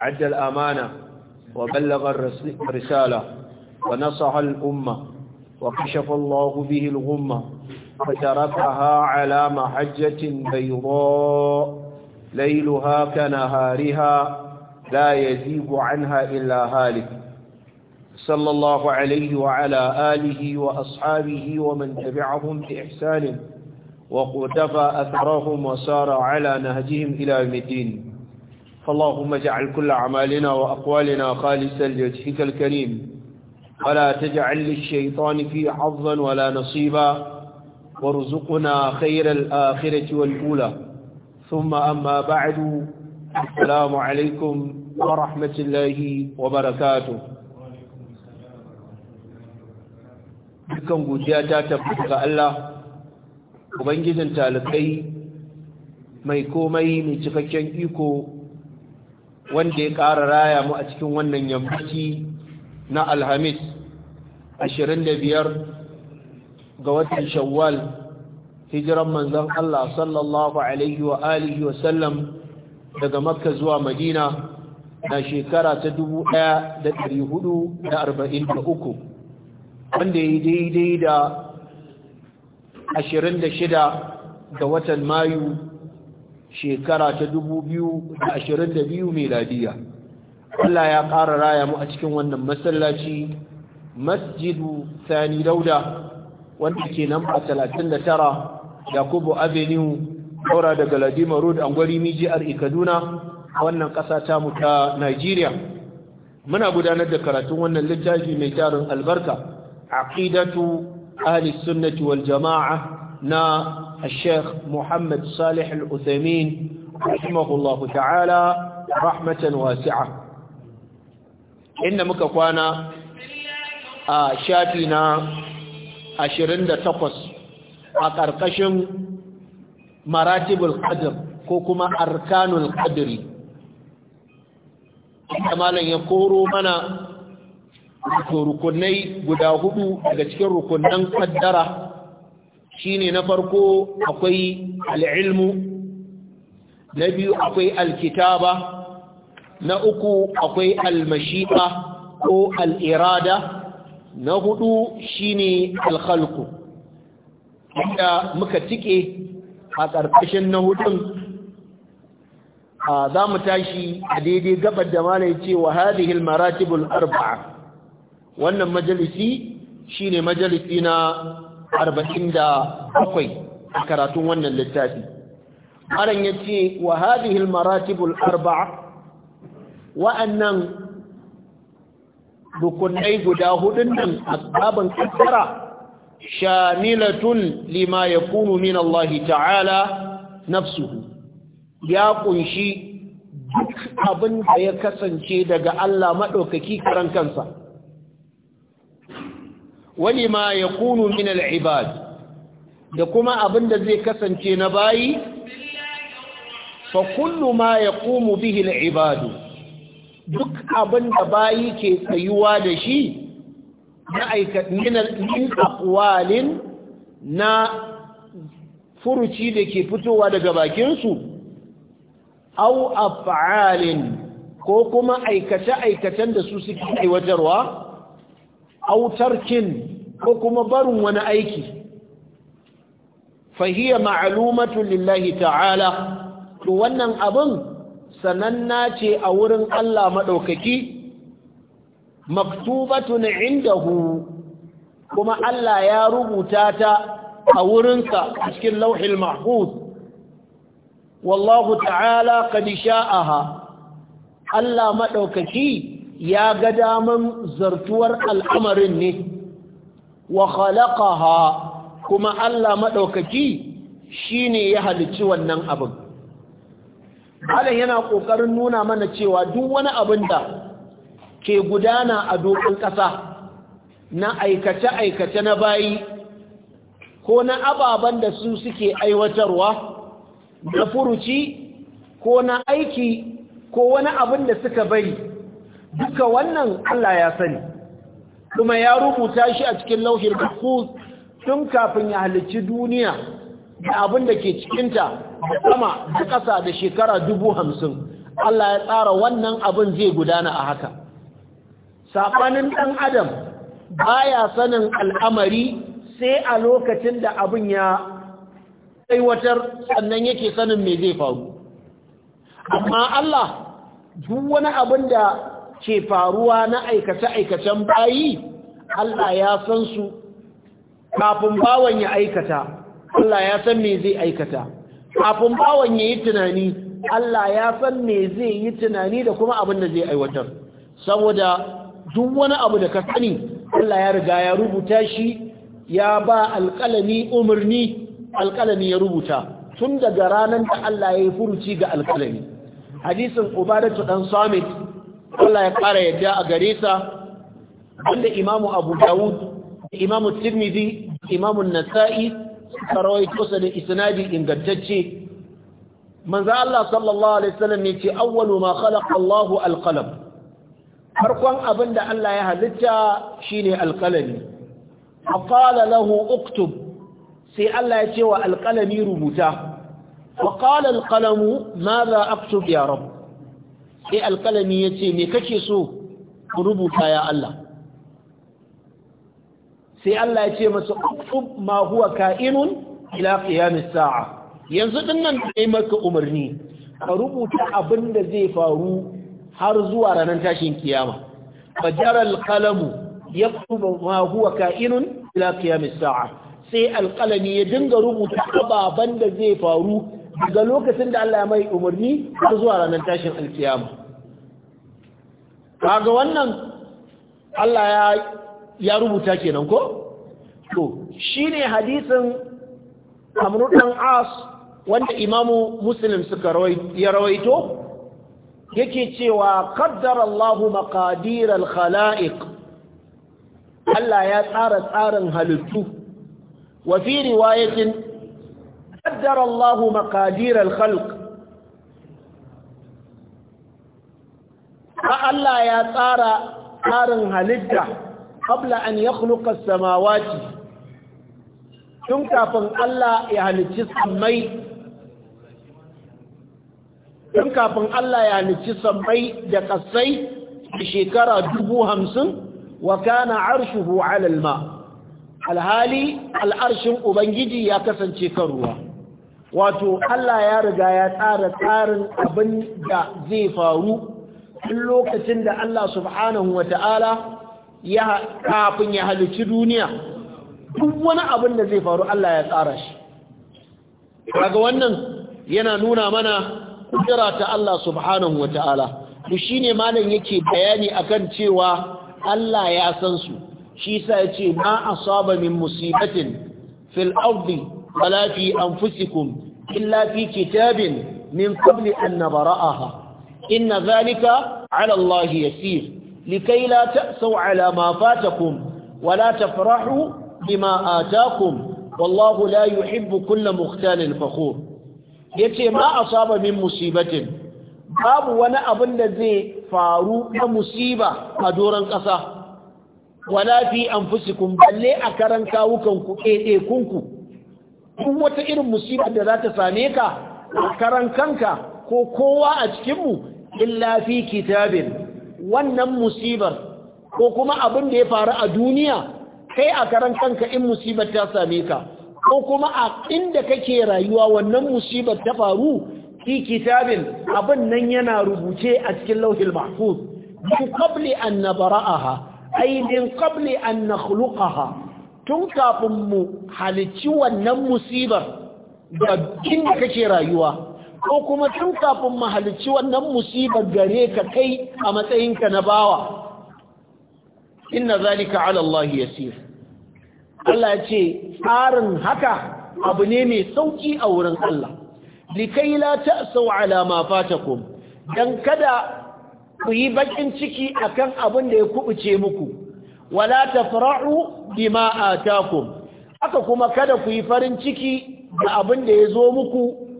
عد الأمانة وبلغ الرسالة ونصح الأمة وكشف الله به الغمة فتركها على محجة بيضاء ليلها كنهارها لا يزيب عنها إلا هالك صلى الله عليه وعلى آله وأصحابه ومن تبعهم بإحسان وقتفى أثرهم وسار على نهجهم إلى المدين فاللهم اجعل كل أعمالنا وأقوالنا خالصا لوجهك الكريم ولا تجعل للشيطان في حظا ولا نصيبا وارزقنا خير الآخرة والأولى ثم أما بعد السلام عليكم ورحمة الله وبركاته dukan gujiya ta tabbata ga Allah ubangijin talakai mai komai mai cikakken iko wanda ya ƙara raya mu a cikin wannan yammaci na alhamis 25 ga watan shawwal hijiran manzon Allah sallallahu alaihi wa alihi wa sallam daga makka zuwa madina na shekara ta 1443 wanda ya daidai da 26 ga watan mayu shekara ta 2022 meladiya Allah ya ƙara raya mu a cikin wannan masallaci masjidu sani dauda wanda ke nan a 39 yakubu avenue daura daga ladima road an gwari mijiyar e, kaduna wannan ƙasa ta muta ta nigeria muna gudanar da karatun wannan littafi mai tarin albarka aqidatu ahli sunnati wal jama'a na الشيخ محمد صالح الأثيمين رحمه الله تعالى رحمة واسعة إن مكفانا شافينا أشرين تقص أقرقشم مراتب القدر كوكما أركان القدر كما لن يقولوا منا ركني قداهدوا لكي ركنان قدره shine na farko akwai al'ilmu na biyu akwai alkitaba na uku akwai almashi'a ko al'irada na hudu shine alkhalku inda muka cike a ƙarƙashin na hudun za mu tashi a daidai gabar da mana ce wa hadihil maratibul arba'a wannan majalisi shine majalisi na arba'in da bakwai a karatun wannan littafi malam ya ce wa hadihil maratibul arba'a wa'annan rukunai guda hudun nan asbabin kaddara shamilatun lima kunu min Allah ta'ala nafsuhu ya kunshi duk abin da ya kasance daga Allah madaukaki karan kansa wani ma ya kunu min al'ibad da kuma abin da zai kasance na bayi fa kullu ma ya kumu bihi al'ibadu duk abin da bayi ke tsayuwa da shi na na furuci da ke fitowa daga bakinsu au af'alin ko kuma aikace-aikacen da su suke aiwatarwa autarkin ko kuma barin wani aiki fahiyya ma'alumatu lillahi ta'ala to wannan abin sananna ce a wurin Allah maɗaukaki maktubatun indahu kuma Allah ya rubuta ta a wurinsa a cikin lauhil mahfuz wallahu ta'ala qad sha'aha Allah maɗaukaki ya ga daman zartuwar al'amarin ne wa khalaqaha kuma Allah maɗaukaki shine ya halicci wannan abin Allah yana ƙoƙarin nuna mana cewa duk wani abin da ke gudana a dokin ƙasa na aikace-aikace na bayi ko na ababen da su suke aiwatarwa na furuci ko na aiki ko wani abin da suka bari duka wannan Allah ya sani kuma ya rubuta shi a cikin lauhir mahfuz tun kafin ya halicci duniya da abin da ke cikinta ta sama da ƙasa da shekara dubu hamsin Allah ya tsara wannan abin zai gudana a haka saɓanin ɗan adam baya sanin al'amari sai a lokacin da abin ya aiwatar sannan yake sanin me zai faru amma Allah duk wani abin da ke faruwa na aikace-aikacen bayi Allah ya san su kafin bawan ya aikata Allah ya san me zai aikata kafin bawan ya yi tunani Allah ya san me zai yi tunani da kuma abin da zai aiwatar saboda duk wani abu da ka sani Allah ya riga ya rubuta shi ya ba alƙalami umarni alƙalami ya rubuta tun daga ranar da Allah ya yi furuci ga alƙalami hadisin ubadatu dan samit Allah ya ƙara yadda a gare sa wanda imamu abu dawud imamu tirmidhi imamu nasa'i suka rawaito sa da isnadi ingantacce manzo Allah sallallahu alaihi wasallam ya ce awwalu ma khalaqa Allahu al farkon abin da Allah ya halitta shine alkalami faqala lahu uktub sai Allah ya ce wa alkalami rubuta وقال القلم naza اكتب يا sai alkalami ya ce me kake so ku rubuta ya Allah sai Allah ya ce masa uktub ma huwa ka'inun ila qiyamis sa'a yanzu dinnan sai maka umarni ka rubuta abin da zai faru har zuwa ranar tashin kiyama fajar ya yaktubu ma huwa ka'inun ila qiyamis sa'a sai alƙalami ya dinga rubuta ababen da zai faru daga lokacin da Allah ya mai umarni har zuwa ranar tashin alkiyama kaga wannan Allah ya ya rubuta kenan ko to shine hadisin Amr dan As wanda Imamu Muslim suka ya rawaito yake cewa qaddara Allah maqadir al-khalaiq Allah ya tsara tsarin halittu wa fi riwayatin قدر الله مقادير allah ya tsara tsarin halitta حلجه قبل ان يخلق السماوات tun kafin Allah ya halicci sammai tun kafin Allah ya halicci sammai da kasai a shekara dubu hamsin wa kana arshuhu alalma alhali al'arshin ubangiji ya kasance kan ruwa wato Allah ya riga ya tsara tsarin abin da zai faru in lokacin da Allah subhanahu wa ta'ala ya kafin ya halici duniya duk wani abin da zai faru Allah ya tsara shi daga wannan yana nuna mana kudura ta Allah subhanahu wa ta'ala shi shine malam yake bayani akan cewa Allah ya san su shi sa ya ce asaba min musibatin fil ardi wala fi illa fi kitabin min qabli an nabra'aha inna zalika 'ala Allah yasir likay la ta'su 'ala ma fatakum wa la tafrahu bima atakum wallahu la yuhibbu kulla mukhtalin fakhur yace ma asaba min musibatin babu wani abin da zai faru na musiba a doron ƙasa wala fi anfusikum balle a karan kawukan ku ɗaiɗaikunku duk wata irin musibar da za ta same ka a karan kanka ko kowa a cikinmu illa fi kitabin wannan musibar ko kuma abin da ya faru a duniya kai a karan kanka in musibar ta same ka ko kuma a inda kake rayuwa wannan musibar ta faru fi kitabin abin nan yana rubuce a cikin lauhil mahfuz min qabli an nabra'aha ay min qabli an nakhluqaha tun kafin mu halicci wannan musibar da kake rayuwa ko kuma tun kafin mu halicci wannan musibar gare ka kai a matsayinka na bawa inna zalika ala Allah yasir Allah ya ce tsarin haka abu ne mai sauki a wurin Allah likai la ta'sau ala ma fatakum dan kada ku yi bakin ciki akan abin da ya kubuce muku wala tafra'u bima ku. aka kuma kada ku yi farin ciki da abin da ya zo muku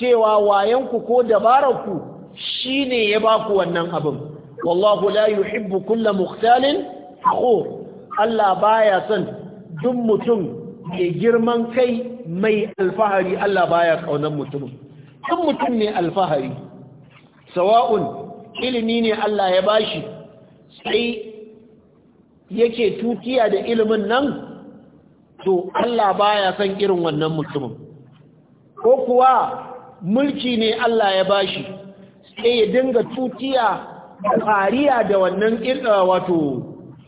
cewa wayanku ko dabararku shine ya baku wannan abin wallahu la yuhibbu kulla mukhtalin fakhur Allah baya son duk mutum mai girman kai mai alfahari Allah baya kaunan mutumin duk mutum ne alfahari sawa'un ilimi ne Allah ya bashi sai yake tutiya da ilimin nan to Allah baya son irin wannan mutumin ko kuwa mulki ne Allah ya bashi sai ya dinga tutiya da fariya da wannan uh, wato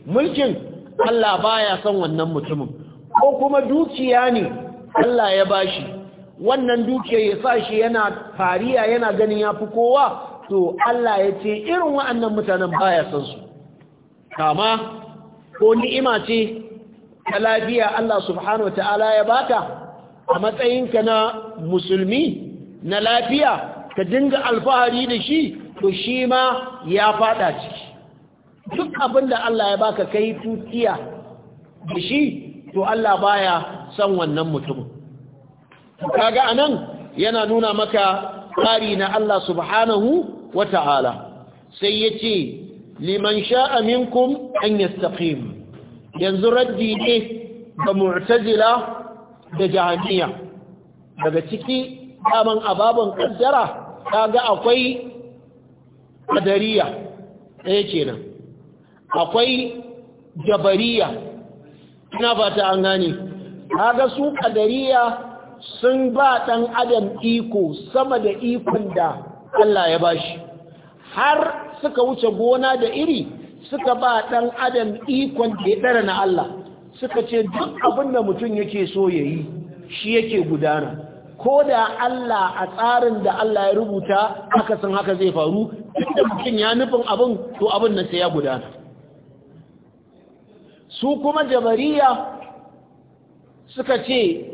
mulkin Allah baya son wannan mutumin ko kuma dukiya ne Allah ya bashi wannan dukiya ya sa shi yana fariya yana ganin yafi kowa to Allah ya ce irin wa'annan mutanen baya son su kama ko ni'ima ce ta lafiya Allah subhanahu wa ta'ala ya baka a matsayinka na musulmi na lafiya ka dinga alfahari da shi to shi ma ya fada ciki duk abin da Allah ya baka kai tutiya da shi to Allah baya son wannan mutumin kaga anan yana nuna maka tsari na Allah subhanahu wata'ala sai yace liman sha'a minkum an yastaqim yanzu raddi ne ga mu'tazila da jahaniya daga ciki daman ababan kaddara kaga akwai kadariya ɗaya kenan akwai jabariya ina fata an gane kaga su kadariya sun ba dan adam iko sama da ikon da Allah ya bashi har suka wuce gona da iri suka ba ɗan adam ikon da ya ɗara na Allah suka ce duk abin da mutum yake so ya yi shi yake gudana ko da Allah a tsarin da Allah ya rubuta haka sun haka zai faru inda mutum ya nufin abin to abin na sai ya gudana su kuma jabariya suka ce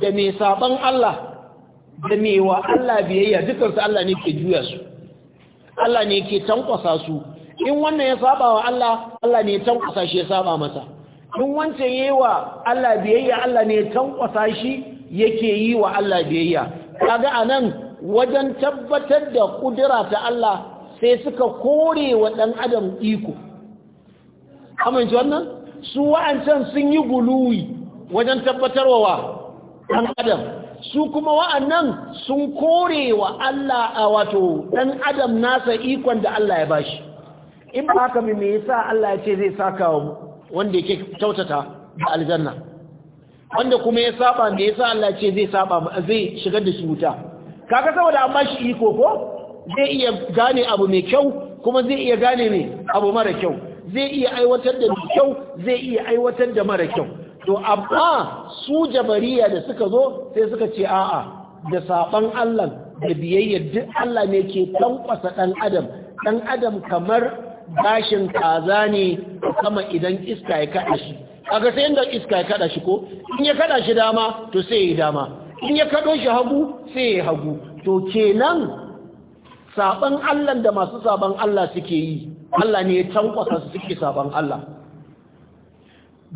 da mai saban Allah da mai wa Allah biyayya dukansu Allah ne ke juya su Allah ne ke tankwasa su in wannan ya saba wa Allah Allah ne tankwasa shi ya saba masa in wancan yayi wa Allah biyayya Allah ne tankwasa shi yake yi wa Allah biyayya kaga anan wajen tabbatar da kudura ta Allah sai suka kore wa dan adam iko amince wannan su wa'ancan sun yi guluwi wajen tabbatarwa wa dan adam su kuma wa'annan sun kore wa Allah a wato ɗan adam nasa ikon da Allah ya bashi in ba haka me yasa Allah ya ce zai saka wanda yake kyautata da aljanna wanda kuma ya saba me yasa Allah ya ce zai saba zai shigar da shi wuta kaga saboda an bashi iko ko zai iya gane abu mai kyau kuma zai iya gane ne abu mara kyau zai iya aiwatar da kyau zai iya aiwatar da mara kyau to amma su jabariya da suka zo sai suka ce a'a da saban Allah da biyayya duk Allah ne ke tankwasa dan adam dan adam kamar gashin kaza ne kama idan iska ya kada shi kaga sai inda iska ya kada shi ko in ya kada shi dama to sai ya dama in ya kado shi hagu sai ya hagu to kenan saban Allah da masu saban Allah suke yi Allah ne ya tankwasa su suke saban Allah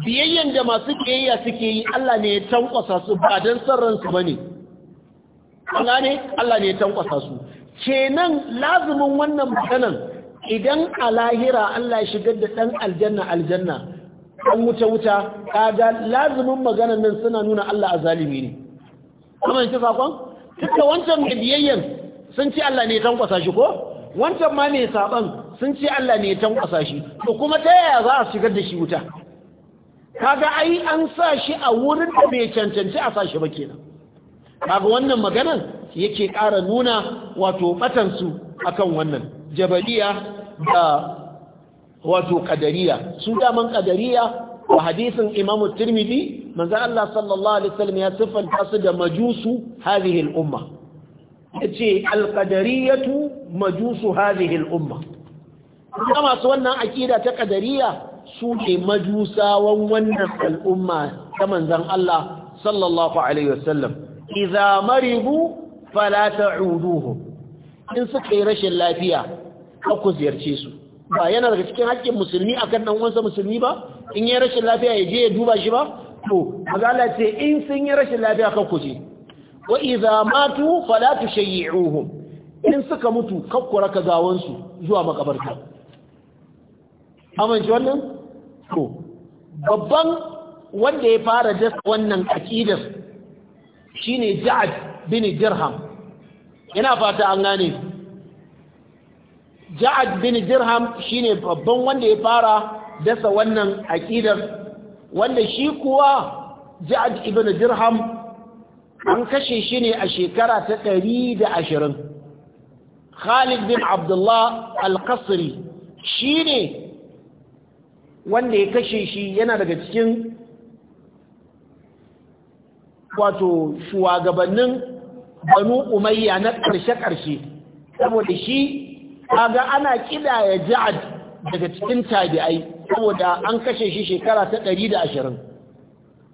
biyayyen da masu kiyayya suke yi Allah ne ya tankwasa su ba don son ba ne Kana ne Allah ne ya tankwasa su kenan lazumin wannan mutanen, idan a lahira Allah ya shigar da ɗan aljanna aljanna ɗan wuta-wuta kaga lazumin maganan nan suna nuna Allah a zalimi ne kuma yanki sakon? duka wancan mai biyayyen sun ce Allah ne ya tankwasa shi ko? wancan ma mai saɓan sun ce Allah ne ya tankwasa shi to kuma ta yaya za a shigar da shi wuta kaga ai an sa shi a wurin da bai cancanci a sa shi ba kenan kaga wannan maganan yake ƙara nuna wato batansu akan wannan jabaliya da wato kadariya su daman kadariya wa hadisin imamu tirmidhi manzan Allah sallallahu alaihi wasallam ya sifanta su da majusu hadhihi al-umma yace al-qadariyatu majusu hadhihi al-umma kuma masu wannan akida ta kadariya su ne majusawan wannan al'umma ta manzan Allah sallallahu Alaihi wasallam, iza maribu falata ruduhu, in suka yi rashin lafiya, ku ziyarce su. Ba yana daga cikin haƙƙin musulmi a kan ɗan'uwansa musulmi ba, in yi rashin lafiya ya je ya duba shi ba, to, magana ce in sun yi rashin lafiya ku je. Wa iza matu shayi shayyi'uhum, in suka mutu kakkura ka gawansu zuwa makabarta. Amince wannan? to babban wanda ya fara dasa wannan akidar shine Ja'ad bin Dirham ina fata an gane Ja'ad bin Dirham shine babban wanda ya fara dasa wannan aƙidar, wanda shi kuwa Ja'ad ibn Dirham an kashe shi ne a shekara ta 120 Khalid bin Abdullah al-Qasri shine wanda ya kashe shi yana daga cikin wato shugabannin banu umayya na ƙarshe-ƙarshe saboda shi kaga ana ya ja'ad daga cikin tabi'ai saboda an kashe shi shekara ta 120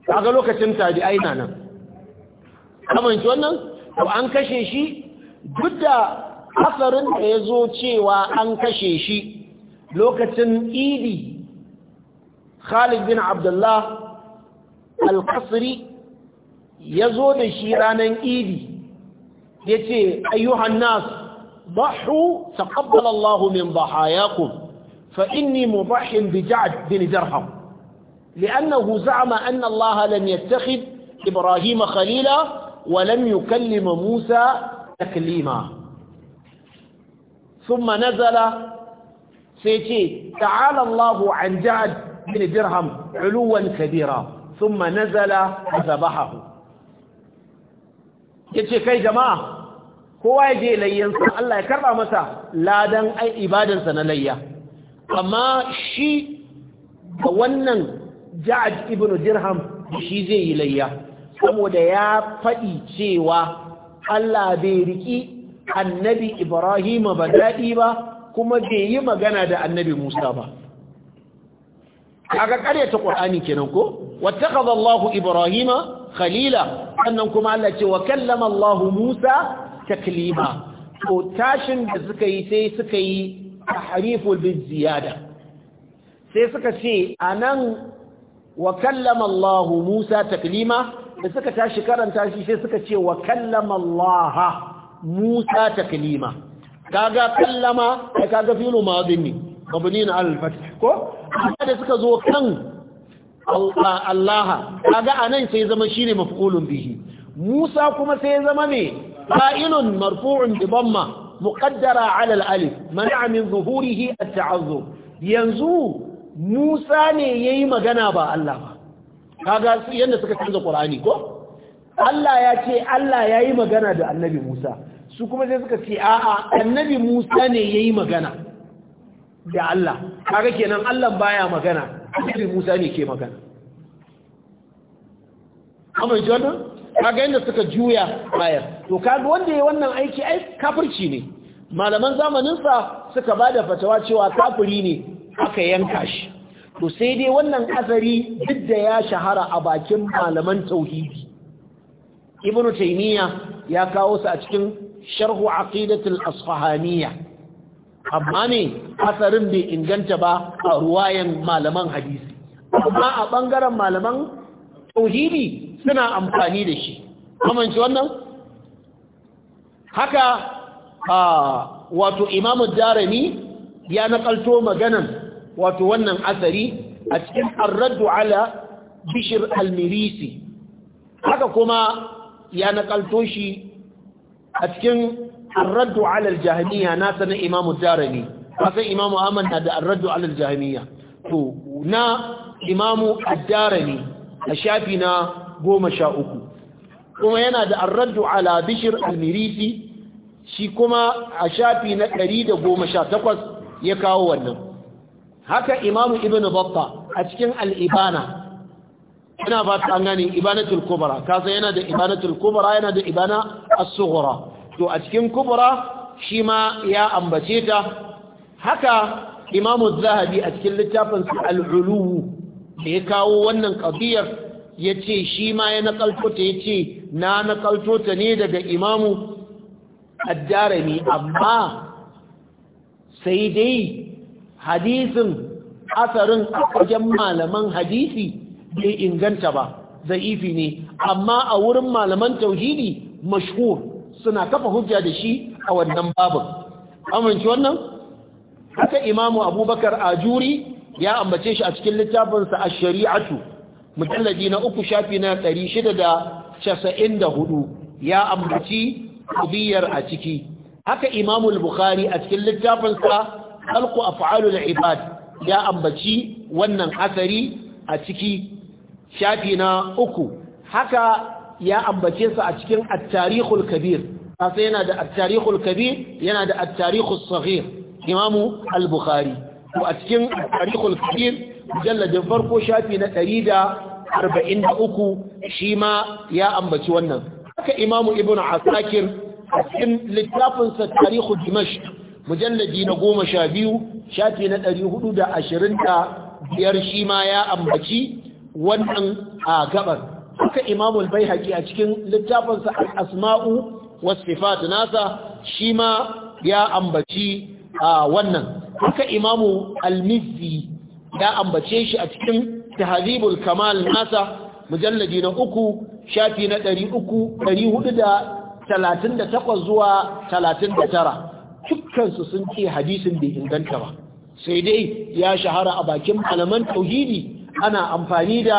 kaga lokacin tabi'ai na nan kamanci wannan to an kashe shi duk da asarin da ya zo cewa an kashe shi lokacin idi Khalid bin Abdullah al-Qasri ya zo da shi ranar idi ya ce, Ayyuhan nas, bahu taƙabbalallahu min bahayakum fa inni mubahin bija'ad bin jarham. لأنه زعم أن الله لم يتخذ إبراهيم خليلا ولم يكلم موسى تكليما ثم نزل سيتي تعالى الله عن جعد بن درهم علوا كبيرا ثم نزل فذبحه yace kai jama'a kowa ya je layyansa Allah ya karba masa ladan ai ibadansa na layya amma shi da wannan Ja'ad ibn Dirham shi zai yi layya saboda ya faɗi cewa Allah bai riki annabi Ibrahim ba daɗi ba kuma bai yi magana da annabi Musa ba kaga ta qur'ani kenan ko wattakhadha Allahu Ibrahima khalila annan kuma Allah ce wa kallama Allahu Musa taklima to tashin da suka yi sai suka yi tahrifu bil ziyada sai suka ce anan wa kallama Allahu Musa taklima da suka tashi karanta shi sai suka ce wa kallama Allah Musa taklima kaga kallama da kaga filu madin mabni na ko da suka zo kan Allah kaga anan sai zama shine maf'ulun bihi Musa kuma sai zama ne fa'ilun marfu'un bi damma muqaddara 'ala al-alif man'a min zuhurihi at-ta'azzub yanzu Musa ne yayi magana ba Allah ba kaga yanda suka canza Qur'ani ko Allah ya ce Allah yayi magana da Annabi Musa su kuma sai suka ce a'a Annabi Musa ne yayi magana da Allah kaga kenan Allah baya magana annabi Musa ne ke magana amma jona kaga yanda suka juya ayar to kaga wanda yayi wannan aiki ai kafirci ne malaman zamanin sa suka bada fatawa cewa kafiri ne aka yanka shi to sai dai wannan azari duk da ya shahara a bakin malaman tauhidi ibnu taymiya ya kawo su a cikin sharhu aqidatul asfahaniyya amma ne asarin bai inganta ba a ruwayan malaman hadisi amma a ɓangaren malaman tauhidi suna amfani da shi kamanci wannan haka wato imamu jarami ya nakalto maganan wato wannan asari a cikin arraddu ala bishir almirisi haka kuma ya nakalto shi a cikin الرد على الجهمية ناسنا إمام الدارمي فسن إمام أمن هذا الرد على الجهمية نا إمام الدارمي الشافنا قوم شاؤكو kuma yana da arraddu ala bishir almirisi shi kuma a shafi na 118 ya kawo wannan haka imamu ibnu Baffa a cikin al-ibana ina ba an gani ibanatul kubra kaza yana da ibanatul kubra yana da ibana as-sughra to a cikin kubra shi ma ya ambace ta haka imamu zahabi a cikin littafin al'uluhu da ya kawo wannan ƙabiyar ya ce shi ma ya nakalto ta ya ce na nakalto ta ne daga imamu addarami amma sai dai hadisin asarin a malaman hadisi bai inganta ba za'ifi ne amma a wurin malaman tauhidi mashhur suna kafa hujja da shi a wannan babin amince wannan haka imamu abubakar ajuri ya ambace shi a cikin littafinsa a shari'atu mutallaji na uku shafi na hudu ya ambaci ƙubiyar a ciki haka imamu bukhari a cikin littafinsa halku af'alul ibad ya ambaci wannan asari a ciki shafi na uku haka ya ambace sa a cikin attarihul kabir kasa yana da at kabir yana da at-tarikhus saghir imamu al-bukhari to a cikin at kabir mujalladin farko shafi na 143 shi ma ya ambaci wannan haka imamu ibnu asakir a cikin littafin sa tarikhul dimashq mujalladi na 12 shafi na 425 shi ma ya ambaci wannan a gabar haka imamu al-baihaqi a cikin littafinsa al-asma'u wasifat nasa shi ma ya ambaci a wannan haka imamu al ya ambace shi a cikin tahzibul kamal nasa mujalladi na uku shafi na ɗari uku ɗari da talatin da takwas zuwa talatin da tara dukkansu sun ce hadisin bai inganta ba sai dai ya shahara a bakin malaman tauhidi ana amfani da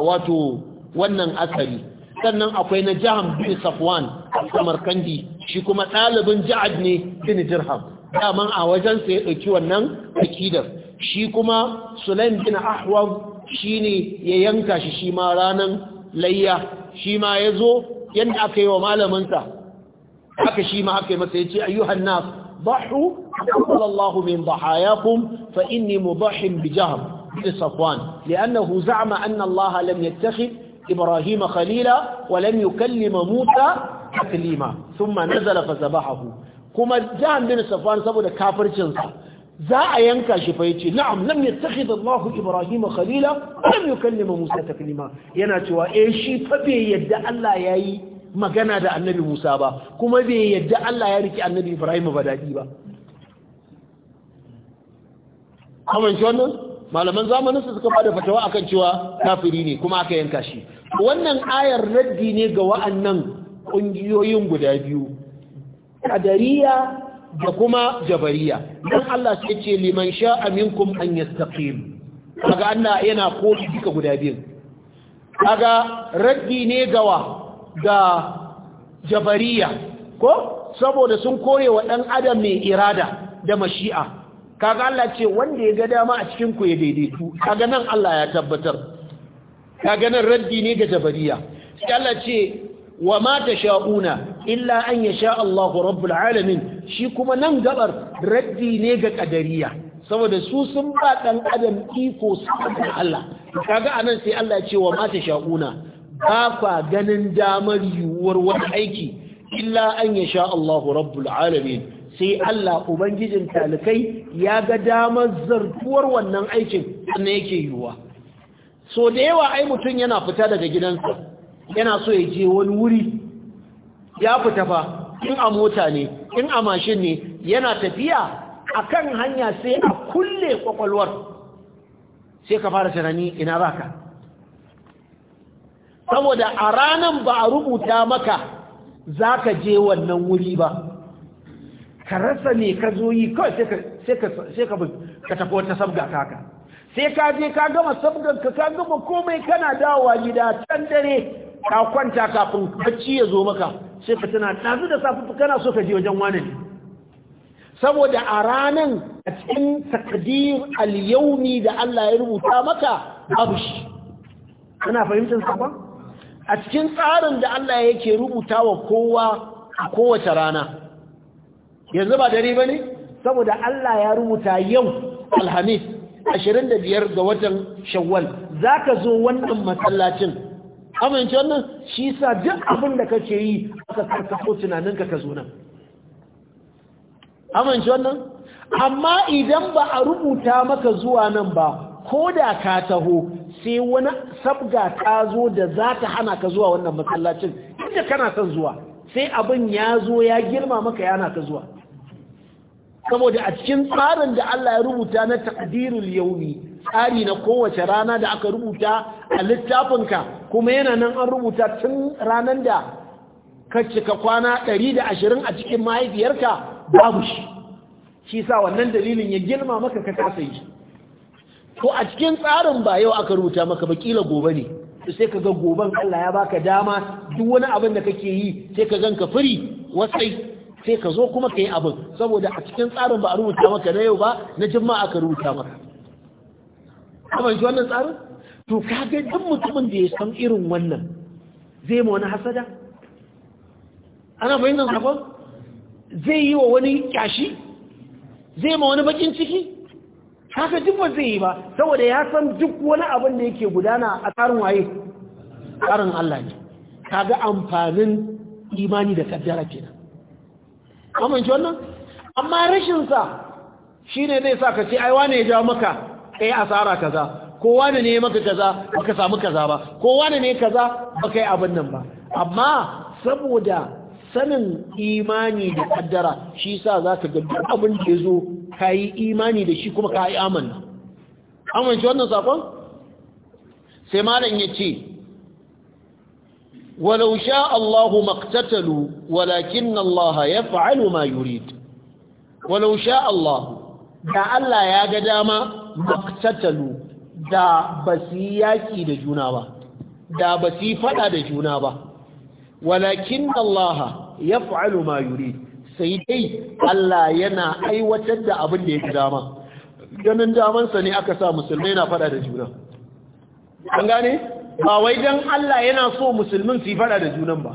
wato wannan asali sannan akwai na jiham bin safwan samarkandi shi kuma ɗalibin ja'ad ne bin dirham daman a wajensa ya ɗauki wannan akidar shi kuma sulaim bin ahwab shi ne ya yanka shi shi ma ranar layya shi ma ya zo yadda aka yi wa malaminsa aka shi ma aka yi masa ya ce ayyuhan nas ضحوا bahayakum الله من ضحاياكم فإني مضح بجهم بن صفوان لأنه زعم أن الله لم يتخذ إبراهيم خليلا ولم يكلم موسى تكليما ثم نزل فذبحه كما جاء من صفوان saboda kafircinsa za a yanka shi fa yace na'am lam yattakhidh Allah Ibrahim khalila lam yukallima Musa taklima yana cewa eh shi fa bai yadda Allah yayi magana da Annabi Musa ba kuma bai yadda Allah ya riki Annabi Ibrahim ba dadi ba kuma shi wannan malaman zamanin su suka bada fatawa akan cewa kafiri ne kuma aka yanka shi wannan ayar raddi ne ga wa'annan ƙungiyoyin guda biyu kadariya da kuma jabariya dan Allah sai ce liman sha'a minkum an yastaqim kaga Allah yana koyi duka guda biyun kaga raddi ne gawa ga jabariya ko saboda sun kore wa dan adam mai irada da mashi'a kaga Allah ce wanda ya ga dama a cikin ku ya daidaitu kaga nan Allah ya tabbatar kaga nan raddi ne ga jabariya sai Allah ce wa ma tasha'una illa an yasha Allah rabbul alamin shi kuma nan gabar raddi ne ga kadariya saboda su sun ba dan adam iko saboda Allah kaga anan sai Allah ya ce wa ma tasha'una ba kwa ganin damar yiwuwar wani aiki illa an yasha Allah rabbul alamin sai Allah ubangijin talikai ya ga damar zartuwar wannan aikin sannan yake yiwuwa so da yawa ai mutum yana fita daga gidansa yana so ya je wani wuri ya fita fa in a mota ne in a mashin ne yana tafiya a kan hanya sai a kulle kwakwalwar sai ka fara tunani ina ka. saboda a ranan ba a rubuta maka za ka je wannan wuri ba ka rasa ne ka zo yi kawai sai ka tafi wata sabga kaka sai ka je ka gama sabgar ka gama komai kana dawowa gida can dare ka kwanta kafin bacci ya zo maka sai ka tana ɗazu da safi kana so ka je wajen wani saboda a ranan a cikin takdir al yawmi da Allah ya rubuta maka babu shi kana fahimtar sabon a cikin tsarin da Allah yake rubuta wa kowa a kowace rana yanzu ba dare ba ne saboda Allah ya rubuta yau alhamis 25 ga watan shawwal za ka zo wannan matsalacin amince wannan shi sa duk abin da ka kake yi aka karkaso tunaninka ka zo nan amince wannan amma idan ba a rubuta maka zuwa nan ba ko da ka taho sai wani sabga ta zo da za ta hana ka zuwa wannan matsalacin inda kana son zuwa sai abin ya zo ya girma maka yana ka zuwa saboda a cikin tsarin da Allah ya rubuta na takdirul yawmi tsari na kowace rana da aka rubuta a littafinka kuma yana nan an rubuta tun ranar da ka cika kwana 120 a cikin mahaifiyarka babu shi shi sa wannan dalilin ya girma maka ka kasa yi to a cikin tsarin ba yau aka rubuta maka ba kila gobe ne sai ka ga goben Allah ya baka dama duk wani abin da kake yi sai ka ganka firi wasai sai ka zo kuma ka yi abin saboda a cikin tsarin ba a rubuta maka na yau ba na jimma aka rubuta maka kamar shi wannan tsarin to kaga duk mutumin da ya san irin wannan zai ma wani hasada ana fahimtar sakon zai yi wa wani kyashi zai ma wani bakin ciki haka duk ba zai yi ba saboda ya san duk wani abin da yake gudana a tsarin waye tsarin Allah ne kaga amfanin imani da kaddara kenan amince wannan amma rashin sa shine zai sa ka ce ai wane ya jawo maka kai asara kaza ko wane ne maka kaza baka samu kaza ba ko wane ne kaza baka yi abin nan ba amma saboda sanin imani da kaddara shi sa za ka ga duk abin da ya zo ka yi imani da shi kuma ka yi amanna amince wannan sakon sai malam ya ce ولو شاء الله ما اقتتلوا ولكن الله يفعل ما يريد ولو شاء الله da Allah ya ga dama maktatalu da basi yaki da juna ba da basi fada da juna ba walakin Allah yaf'alu ma yurid sai dai Allah yana aiwatar da abin da yake dama ganin damansa ne aka sa musulmai na fada da juna an gane ba wai don Allah yana so musulmin su yi faɗa da junan ba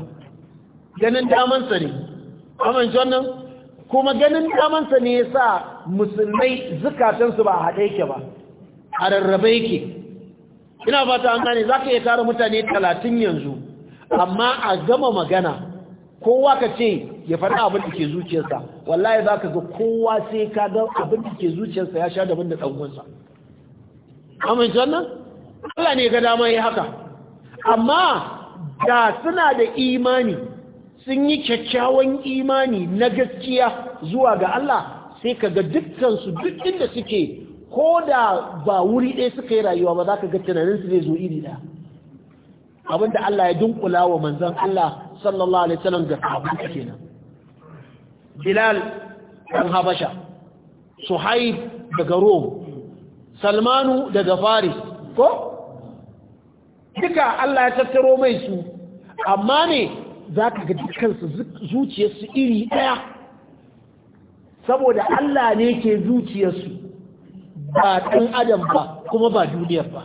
ganin damansa ne amince wannan kuma ganin damansa ne ya sa musulmai zukatansu ba haɗe yake ba a rarrabe yake ina fata an gane za ka iya tara mutane talatin yanzu amma a gama magana kowa ka ce ya faɗa abin da ke zuciyarsa wallahi za ka ga kowa sai ka ga abin da ke zuciyarsa ya sha daban da ɗan'uwansa amince wannan Allah ne ga dama ya haka amma da suna da imani sun yi kyakkyawan imani na gaskiya zuwa ga Allah sai ka ga dukkansu duk inda suke ko da ba wuri ɗaya suka yi rayuwa ba za ka ga su zai zo iri ɗaya abinda Allah ya dunkula wa manzan Allah sallallahu alaihi wasallam ga sahabban kenan Bilal dan Habasha Suhaib daga Rome Salmanu daga Faris ko duka Allah ya tattaro mai su amma ne za ka ga dukansu zuciyarsu iri ɗaya saboda Allah ne ke zuciyarsu ba ɗan adam ba kuma ba duniyar ba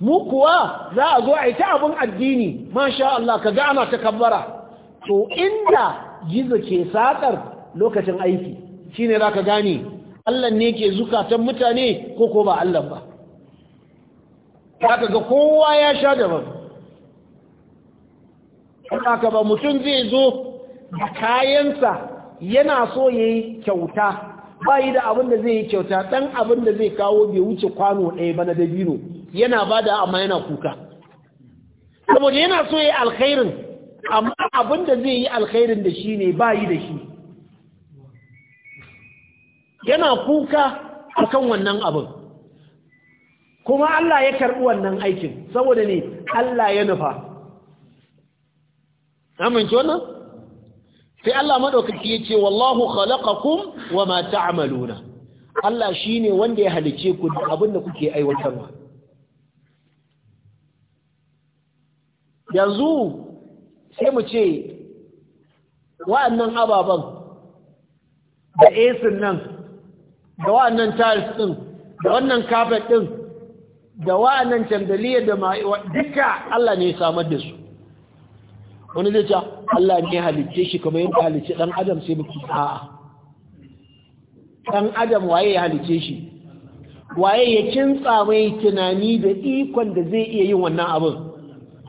mu kuwa za a zo a yi ta abin addini masha Allah ka ga ana ta takabbara to inda gizo ke saƙar lokacin aiki shine za ka gane Allah ne ke zukatan mutane ko ko ba Allah ba ka ga kowa ya sha daban haka ba mutum zai zo da kayansa yana so ya yi kyauta ba yi da abin da zai yi kyauta ɗan abin da zai kawo bai wuce kwano ɗaya ba na dabino yana ba da amma yana kuka saboda yana so ya yi alkhairin amma abin da zai yi alkhairin da shi ne ba yi da shi yana kuka akan wannan abin kuma Allah ya karɓi wannan aikin saboda ne Allah ya nufa amince wannan sai Allah madaukaki ya ce wallahu khalaqakum wama ta'maluna Allah shi ne wanda ya halice ku da abin da kuke aiwatarwa yanzu sai mu ce wa'annan ababan da esin nan da wa'annan tiles din da wannan kafet ɗin. da wa'annan candaliya da ma'iwa duka Allah ne ya samar da su wani zai ce Allah ne ya halicce shi kamar yadda halicce dan adam sai baki a'a dan adam waye ya halicce shi waye ya kintsa mai tunani da ikon da zai iya yin wannan abin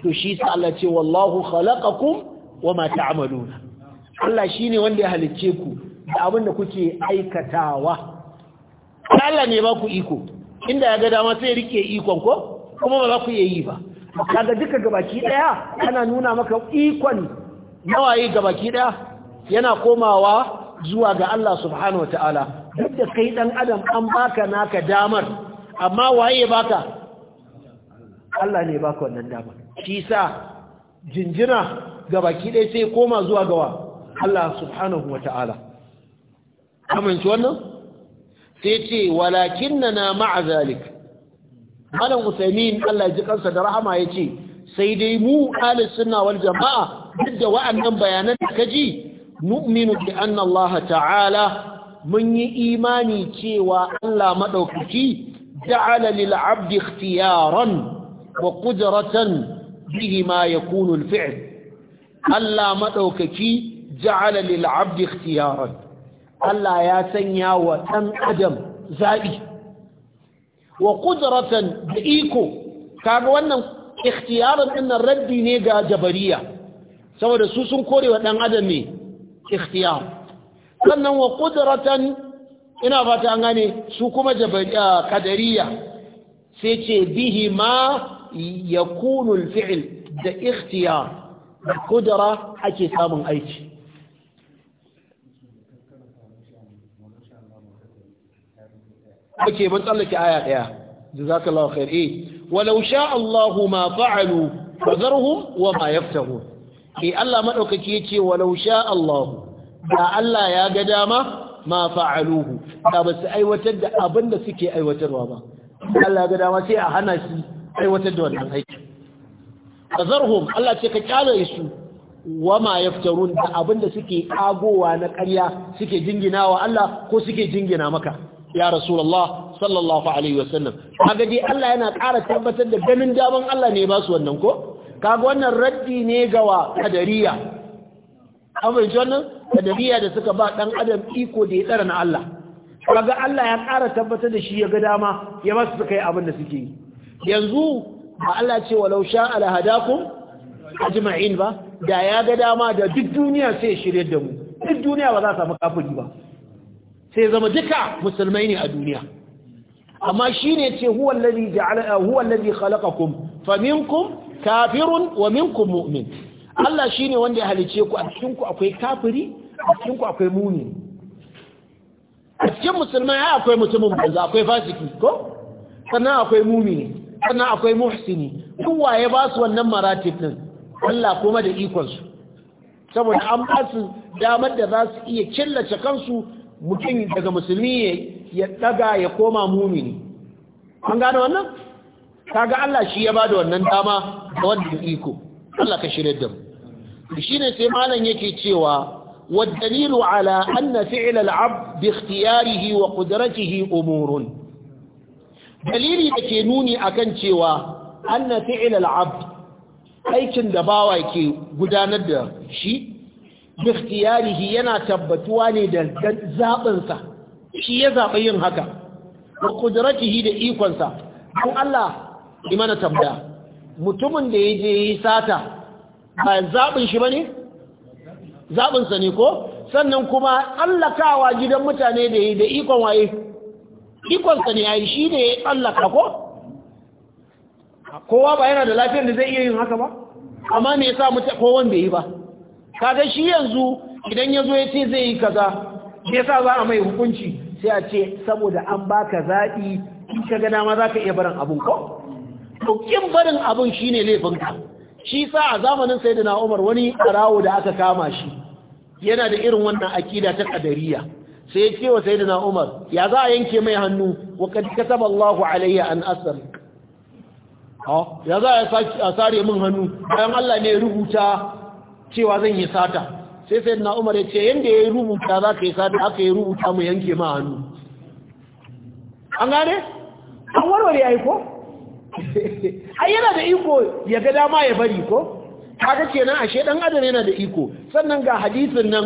to shi sa Allah ce wallahu khalaqakum wama ta'maluna Allah shine wanda ya halicce ku da abin da kuke aikatawa Allah ne ba ku iko inda ya ga dama sai rike ikon ko kuma ba za ku yi ba kaga duka gabaki daya ana nuna maka ikon nawaye gabaki daya yana komawa zuwa ga Allah subhanahu wataala duk da kai dan adam an baka naka damar amma waye baka Allah ne baka wannan damar shi sa jinjina gabaki daya sai koma zuwa ga Allah subhanahu wataala amince wannan sai ce walakin na na ma'azalik malam usaimin allah ji kansa da rahama ya ce sai dai mu ahli sunna wal jama'a duk da wa'annan bayanan da ka ji nu'minu bi anna allah ta'ala mun yi imani cewa allah maɗaukaki ja'ala lil abdi ikhtiyaran wa qudratan bihi ma yakunu al-fi'l allah maɗaukaki ja'ala lil abdi ikhtiyaran Allah ya sanya wa ɗan adam zaɓi wa ƙudratan da iko kaga wannan ikhtiyarin ɗinnan raddi ne ga jabariya saboda su sun kore wa ɗan adam ne ikhtiyar sannan wa ƙudratan ina fata an gane su kuma kadariya sai ce bihi ma ya kunul fi'il da ikhtiyar da kudura ake samun aiki ake ban tsallake aya daya jazakallahu khair eh walau sha Allahu ma fa'alu fazarhum wa ma yaftahu eh Allah madaukaki yace walau sha Allahu da Allah ya ga dama ma fa'aluhu da ba su aiwatar da abinda da suke aiwatarwa ba Allah ga dama sai a hana shi aiwatar da wannan aiki fazarhum Allah ce ka kyale su wa ma yaftarun da abinda suke agowa na ƙarya suke jinginawa Allah ko suke jingina maka ya rasulullah sallallahu alaihi wasallam kaga dai Allah yana ƙara tabbatar da ganin daman Allah ne ba su wannan ko kaga wannan raddi ne ga wa kadariya amma wannan kadariya da suka ba dan adam iko da ya tsara na Allah kaga Allah ya ƙara tabbatar da shi ya ga dama ya ba su kai abin da suke yi yanzu ba Allah ce walau sha ala hadakum ajma'in ba da ya ga dama da duk duniya sai shirye da mu duk duniya ba za ta samu kafiri ba sai zama duka musulmai ne a duniya amma shine ce huwa allazi ja'ala huwa allazi khalaqakum faminkum kafirun wa minkum mu'min Allah shine wanda ya halice ku a cikin ku akwai kafiri a cikin ku akwai mu'min a cikin musulmai akwai mutumin banza akwai fasiki ko sannan akwai mu'mini sannan akwai muhsini duk waye ba su wannan maratib din Allah kuma da ikon su saboda an ba su damar da za su iya killace kansu mutum daga musulmi ya daga ya koma mumini an gane wannan kaga Allah shi ya bada wannan dama da wannan iko Allah ka shirye da mu shine sai malam yake cewa والدليل على أن wa العبد umurun dalili أمور nuni akan cewa شوى أن فعل العبد aikin da bawa ke gudanar da shi bikhtiyarihi yana tabbatuwa ne da zaɓinsa shi ya zaɓi yin haka da ƙudiratihi da ikonsa don Allah mana tabda. mutumin da ya je yi sata ba zaɓin shi ba ne? zaɓinsa ne ko? sannan kuma allakawa gidan mutane da ya da ikon waye ikonsa ne a shi ne ya allaka ko? kowa ba yana da lafiyar da zai iya yin haka ba? amma me ya sa mutane kowanda bai yi ba? kaga shi yanzu idan ya zo ya ce zai yi kaza shi yasa za a mai hukunci sai a ce saboda an baka zaɓi in ka gana ma za ka iya barin abun ko to kin barin abun shine laifinka shi sa a zamanin sayyidina Umar wani karawo da aka kama shi yana da irin wannan akida ta kadariya sai ya ce wa sayyidina Umar ya za a yanke mai hannu wa kad kataba Allahu alayya an Asar? ya za a sare min hannu bayan Allah ne rubuta cewa zan yi sata sai sai na umar ya ce yadda ya yi rubuta za ka yi sata aka yi rubuta mu yanke ma hannu an gane? an warware ya yi ko? ai yana da iko ya ga dama ya bari ko? haka ce nan ashe dan adam yana da iko sannan ga hadisin nan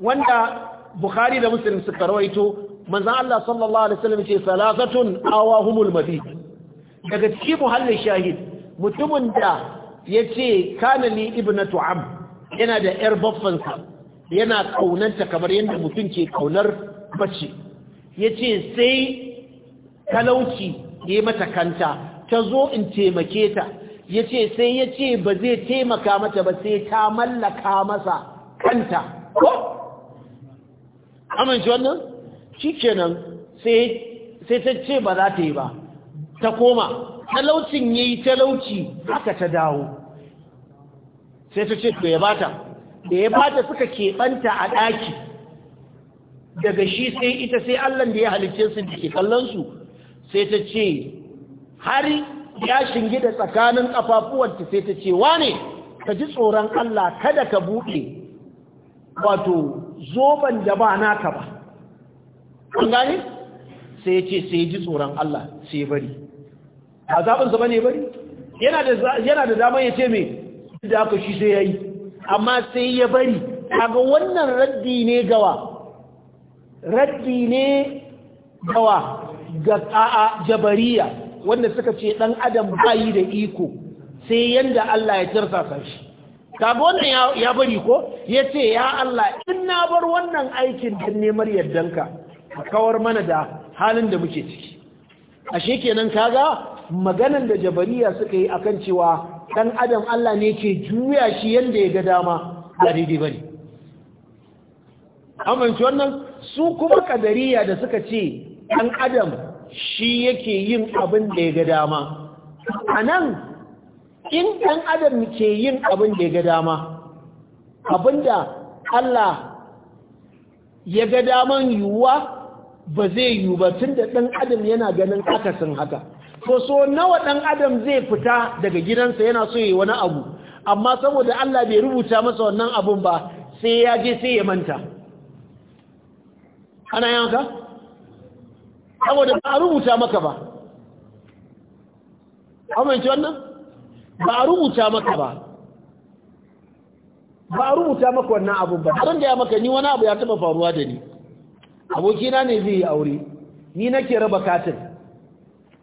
wanda bukhari da musulun suka rawaito manzan Allah sallallahu alaihi wasallam ce salasatun humul mafi. daga cikin muhallin shahid mutumin da ya ce ni ibnatu am yana da ‘yar baffansa yana ƙaunanta kamar yadda mutum ke kaunar mace ya ce sai talauci ya mata kanta ta zo in taimake ta ya ce sai ya ce ba zai taimaka mata ba sai ta mallaka masa kanta ko? amince wannan? shi kenan sai ta ce ba za ta yi ba ta koma talaucin ya yi talauci haka ta dawo sai ta ce to ya bata da ya bata suka keɓanta a ɗaki daga shi sai ita sai allan da ya halicce su da ke kallonsu sai ta ce har ya da tsakanin ƙafafuwanta sai ta ce wa ne? ka ji tsoron allah kada ka buɗe wato zoban da ba naka ba an gane sai ya ce sai ji tsoron allah sai bari ba zaɓinsa ba ne bari yana da damar ya ce mai da aka shi sai ya yi amma sai ya bari kaga wannan raddi ne gawa raddi ne gawa ga a'a jabariya wanda suka ce ɗan adam bayi da iko sai yadda Allah ya tirsasa shi kaga wannan ya bari ko ya ce ya Allah in na bar wannan aikin don neman yardanka ka kawar mana da halin da muke ciki ashe kenan kaga maganan da jabariya suka yi akan cewa dan adam Allah ne ke juya shi yanda ya ga dama ba daidai bane amince wannan su kuma kadariya da suka ce dan adam shi yake yin abin da ya ga dama anan in dan adam ke yin abin da ya ga dama abinda Allah ya ga daman yiwuwa ba zai yiwu ba tun da ɗan adam yana ganin akasin haka to so nawa dan adam zai fita daga gidansa yana so yi wani abu amma saboda Allah bai rubuta masa wannan abun ba sai ya je sai ya manta ana yanka saboda ba a rubuta maka ba amince wannan ba a rubuta maka ba ba a rubuta maka wannan abun ba don da ya maka ni wani abu ya taba faruwa da ni abokina ne zai yi aure ni nake raba katin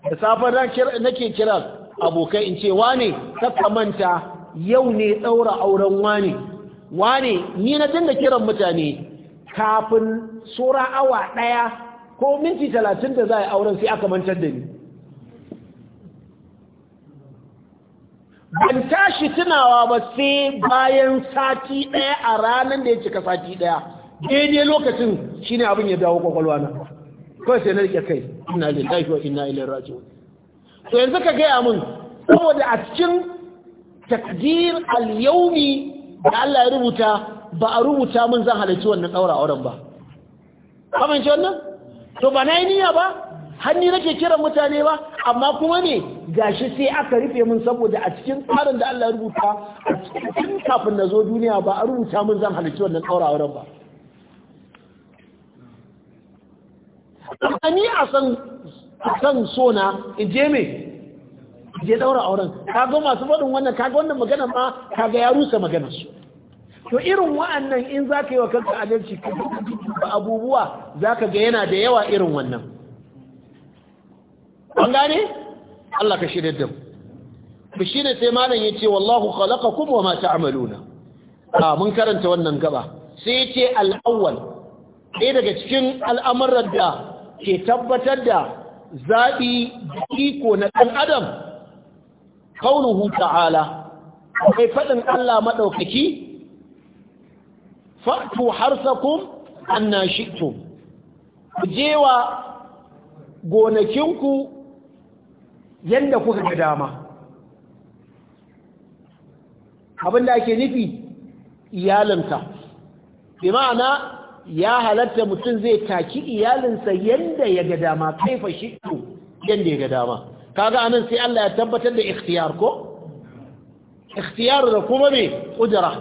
da safar nake kira abokai in ce wane ka manta yau ne ɗaura auren wane wane ni na dinga kiran mutane kafin tsora awa ɗaya ko minti talatin da za a yi auren sai aka mantar da ni ban tashi tunawa ba sai bayan sati ɗaya a ranar da ya cika sati ɗaya daidai lokacin shine abin ya dawo kwakwalwa na kawai sai na rike kai ina lillahi wa ina ilaihi raji'un to yanzu ka gaya mun saboda a cikin takdir al-yawmi da Allah ya rubuta ba a rubuta mun zan halarci wannan daura auren ba kamar shi wannan to ba na niyya ba hannu nake kiran mutane ba amma kuma ne gashi sai aka rufe mun saboda a cikin tsarin da Allah ya rubuta a cikin kafin na zo duniya ba a rubuta mun zan halarci wannan daura auren ba a ni a san so sona in je me je daura auren kaga masu faɗin wannan kaga wannan magana ma kaga ya rusa magana su to irin wa'annan in za ka yi wa kanka adalci ba abubuwa za ka ga yana da yawa irin wannan an gane Allah ka shirya da mu shi ne sai malam ya ce wallahu kuma wa mata amaluna. a mun karanta wannan gaba sai ya ce al'awwal ɗaya daga cikin al'amuran da ke tabbatar da zaɓi da iko na ɗan adam kaunuhu ta'ala Mai faɗin Allah maɗaukaki fa'tu harsakum anna shiktu jewa gonakinku yadda kuka ga dama abinda ake nufi iyalinka bi ma'ana ya halatta mutum zai taki iyalinsa yadda ya ga dama kaifa shi'u yadda ya ga dama kaga anan sai Allah ya tabbatar da ikhtiyar ko ikhtiyar da kuma me kudura.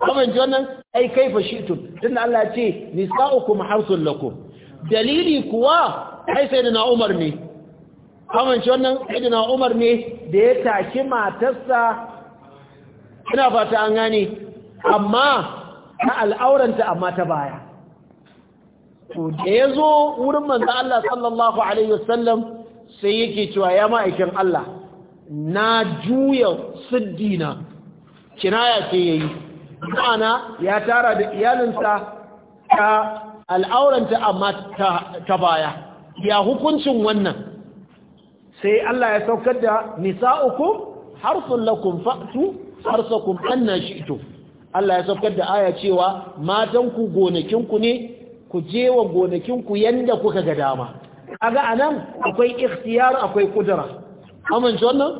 kuma ji wannan ai kaifa shi'tu tunda Allah ya ce nisa'ukum harsun lakum dalili kuwa ai sai na Umar ne kuma ji wannan na Umar ne da ya taki matarsa ina fata an gane amma Ta al'auranta amma ta baya to da ya zo wurin manzan Allah sallallahu Alaihi wasallam sai yake cewa ya ma'aikin Allah na juya siddina kinaya ce ya yi ma'ana ya tara da iyalinsa ta al'auranta amma ta baya ya hukuncin wannan sai Allah ya saukar da uku, harsun lakum fa'tu harsakum anna shi'tum Allah ya saukar da aya cewa matanku gonakinku ne ku je wa gonakinku yanda kuka ga dama kaga anan akwai ikhtiyar akwai kudura amince wannan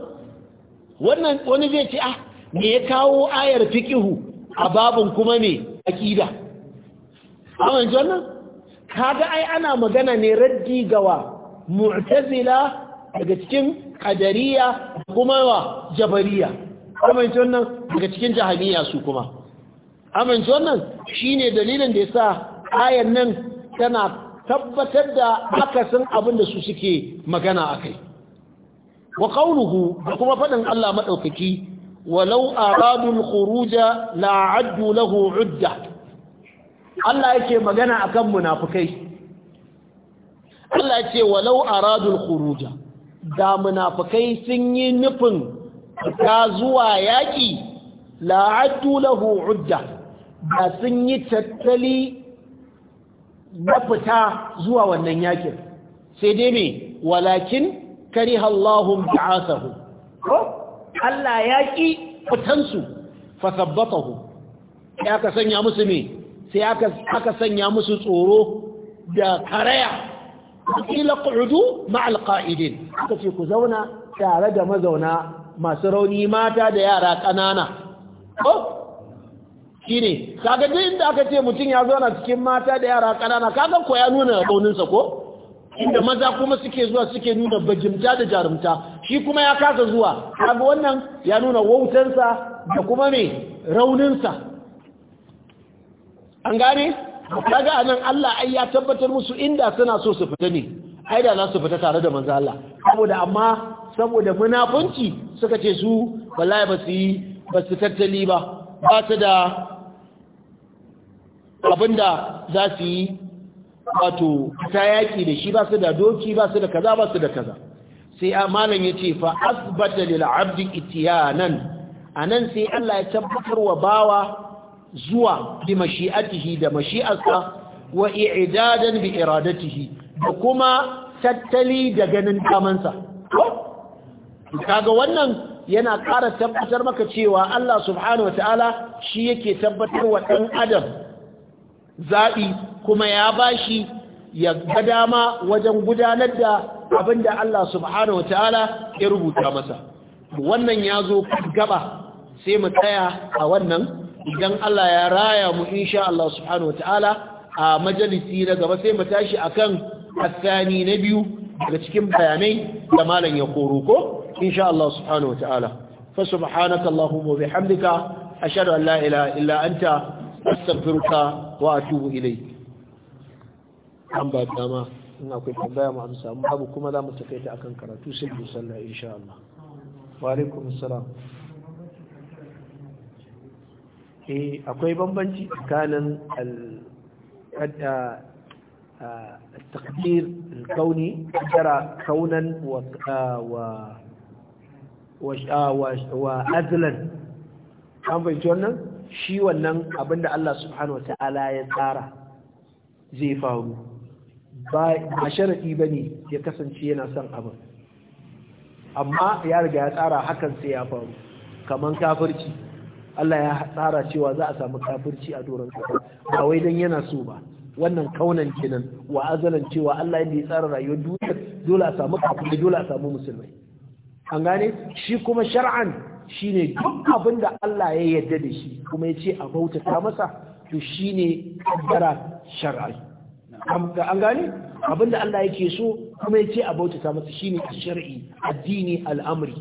wannan wani zai ce ah me ya kawo ayar fiqihu a babun kuma me aqida amince wannan kaga ai ana magana ne raddi gawa mu'tazila daga cikin qadariya kuma wa jabariya amince wannan daga cikin jahaniya su kuma amince wannan shine dalilin da ya sa ayan nan tana tabbatar da akasin abin da su suke magana akai wa qawluhu da kuma fadin Allah madaukaki walau aradu al-khuruja addu lahu 'udda Allah yake magana akan munafikai Allah yake walau aradu khuruja da munafukai sun yi nufin ka zuwa yaki addu lahu 'udda Da sun yi tattali na fita zuwa wannan yakin sai dai me walakin kariha Allahum ta'asahu ko Allah ya ki fitansu fa sabbatahu ya ka sanya musu me sai aka sanya musu tsoro da karaya kila qu'udu ma'al qa'idin aka ce ku zauna tare da mazauna masu rauni mata da yara ƙanana. ko shi ne, kaga duk inda aka ce mutum ya zo zauna cikin mata da yara kanana kaga ko ya nuna rauninsa ko inda maza kuma suke zuwa suke nuna bajimta da jarumta shi kuma ya kasa zuwa kaga wannan ya nuna wautansa da kuma me rauninsa an gane kaga anan Allah ai ya tabbatar musu inda suna so su fita ne ai da za su fita tare da manzo Allah saboda amma saboda munafunci suka ce su wallahi ba su yi ba su tattali ba ba su da abinda za su yi wato ta yaƙi da shi ba su da doki ba su da kaza ba su da kaza sai amalan ya ce fa asbata lil nan? A anan sai Allah ya tabbatar wa bawa zuwa bi mashi'atihi da mashi'arsa wa i'dadan bi iradatihi da kuma tattali da ganin kamansa ga wannan yana ƙara tabbatar maka cewa Allah subhanahu wataala shi yake tabbatar wa ɗan adam zaɓi kuma ya bashi ya ga dama wajen gudanar da abin da Allah subhanahu wataala ya rubuta masa wannan ya zo gaba sai mu tsaya a wannan idan Allah ya raya mu insha Allah subhanahu wataala a majalisi na gaba sai mu tashi akan asani na biyu daga cikin bayanai da malam ya koro ko إن شاء الله سبحانه وتعالى فسبحانك اللهم وبحمدك أشهد أن لا إله إلا أنت أستغفرك وأتوب إليك حمد الله ما نقول حمد الله معنى السلام محبكم لا متفيت أكن كرات وسلم وسلم إن شاء الله وعليكم السلام إيه أقوي بمبنجي كان ال... أد... آه، آه، التقدير الكوني ترى كونا و... آه، Ah, wa adlan an fahimci wannan shi wannan abinda Allah subhanahu wata'ala ya tsara zai faru ba sharaɗi ba ne ya kasance yana son abin amma ya riga ya tsara hakan sai ya faru kamar kafirci Allah ya tsara cewa za a samu kafirci a doron kasa ba wai dan yana so ba wannan kaunan kenan wa azalan cewa Allah ya tsara rayuwar duniya dole a samu kafirci dole a samu musulmai an gane shi kuma shar'an shine duk abin da Allah ya yarda da shi kuma ya ce a ta masa to shine kaddara shar'i an gane abin da Allah yake so kuma ya ce a ta masa a shar'i addini al'amri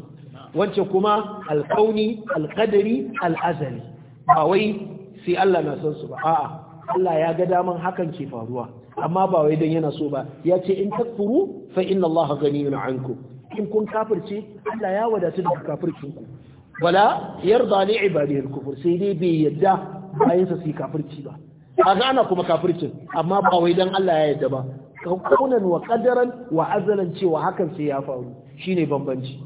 wancan kuma alkauni alkadari al'azali ba wai sai Allah na son su ba a'a Allah ya ga daman hakan ke faruwa amma ba wai dan yana so ba ya ce in takfuru fa inna Allah ghaniyun ankum in kun kafirce Allah ya wadatu da kafircin ku wala yarda li ibadihi al kufur sai dai bai yadda bayan sa su kafirci ba kaga ana kuma kafircin amma ba wai dan Allah ya yadda ba kaunan wa qadaran wa azalan cewa hakan sai ya faru shine bambanci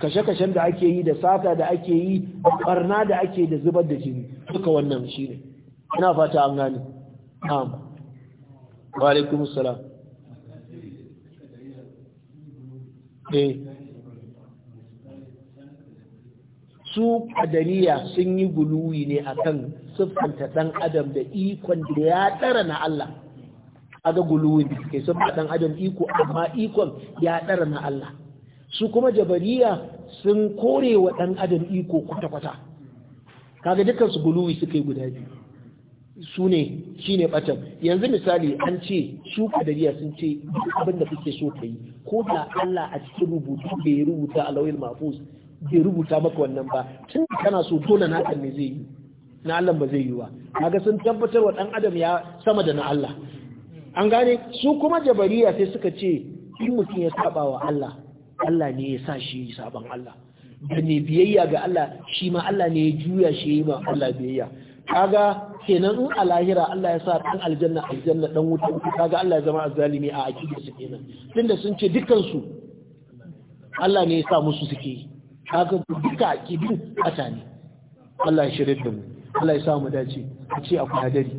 kashe-kashen da ake yi da sata da ake yi barna da ake da zubar da jini duka wannan shine ina fata an gane na'am wa alaikumus salam Eh. su kadariya sun yi guluwi ne akan siffanta ɗan adam da ikon da ya tsara na Allah aga guluwi da suke sun ɗan adam iko amma ikon ya tsara na Allah su kuma jabariya sun kore wa ɗan adam iko kwata-kwata kaga dukansu guluwi suka yi guda biyu su ne shi ne ɓatan yanzu misali an ce su kadariya sun ce abin da suke so ka yi ko da Allah a cikin rubutu bai rubuta a lauyin mafus bai rubuta maka wannan ba tun kana so dole na kan ne zai yi na Allah ba zai yi ba kaga sun tabbatar wa dan adam ya sama da na Allah an gane su kuma jabariya sai suka ce in mutum ya saba wa Allah Allah ne ya sa shi saban Allah da ne biyayya ga Allah shi ma Allah ne ya juya shi ma Allah biyayya kaga kenan in a lahira Allah ya sa dan aljanna aljanna dan wuta kaga Allah ya zama azzalimi a akidar su kenan tunda sun ce dukkan su Allah ne ya sa musu suke kaga duka akidin kasa ne Allah ya shirye da mu Allah ya sa mu dace a ce akwai hadari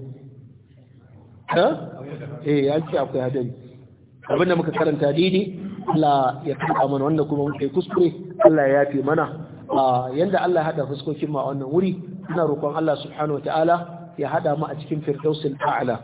ha eh ya ce akwai hadari abin da muka karanta daidai Allah ya karɓa mana wanda kuma muke kuskure Allah ya yafe mana ah, yanda Allah ya haɗa fuskokin ma wannan wuri ina roƙon Allah subhanahu wataala ya hada mu a cikin firdausil a'la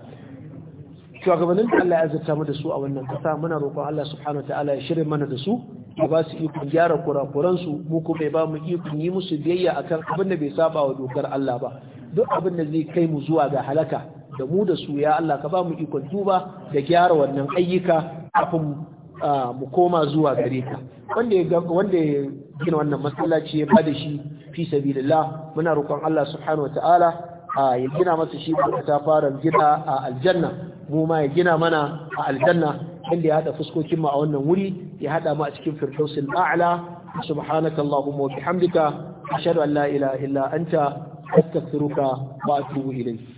shugabannin da Allah ya azurta mu da su a wannan kasa muna roƙon Allah subhanahu wataala ya shirye mana da su ya ba su ikon gyara kurakuran su mu kuma ya ba mu iko yi musu biyayya akan abin da bai saba wa dokar Allah ba duk abin da zai kai mu zuwa ga halaka da mu da su ya Allah ka ba mu ikon duba da gyara wannan ayyuka kafin ah, mu koma zuwa gare ka wanda wanda gina wannan masallaci ya bada shi fi sabilillah muna roƙon Allah subhanahu wataala ya gina masa shi ta fara gina a aljanna mu ma ya gina mana a aljanna inda ya hada fuskokin mu a wannan wuri ya hada mu a cikin firdausil a'la subhanaka allahumma wa bihamdika ashhadu an la ilaha illa anta astaghfiruka wa atubu ilayk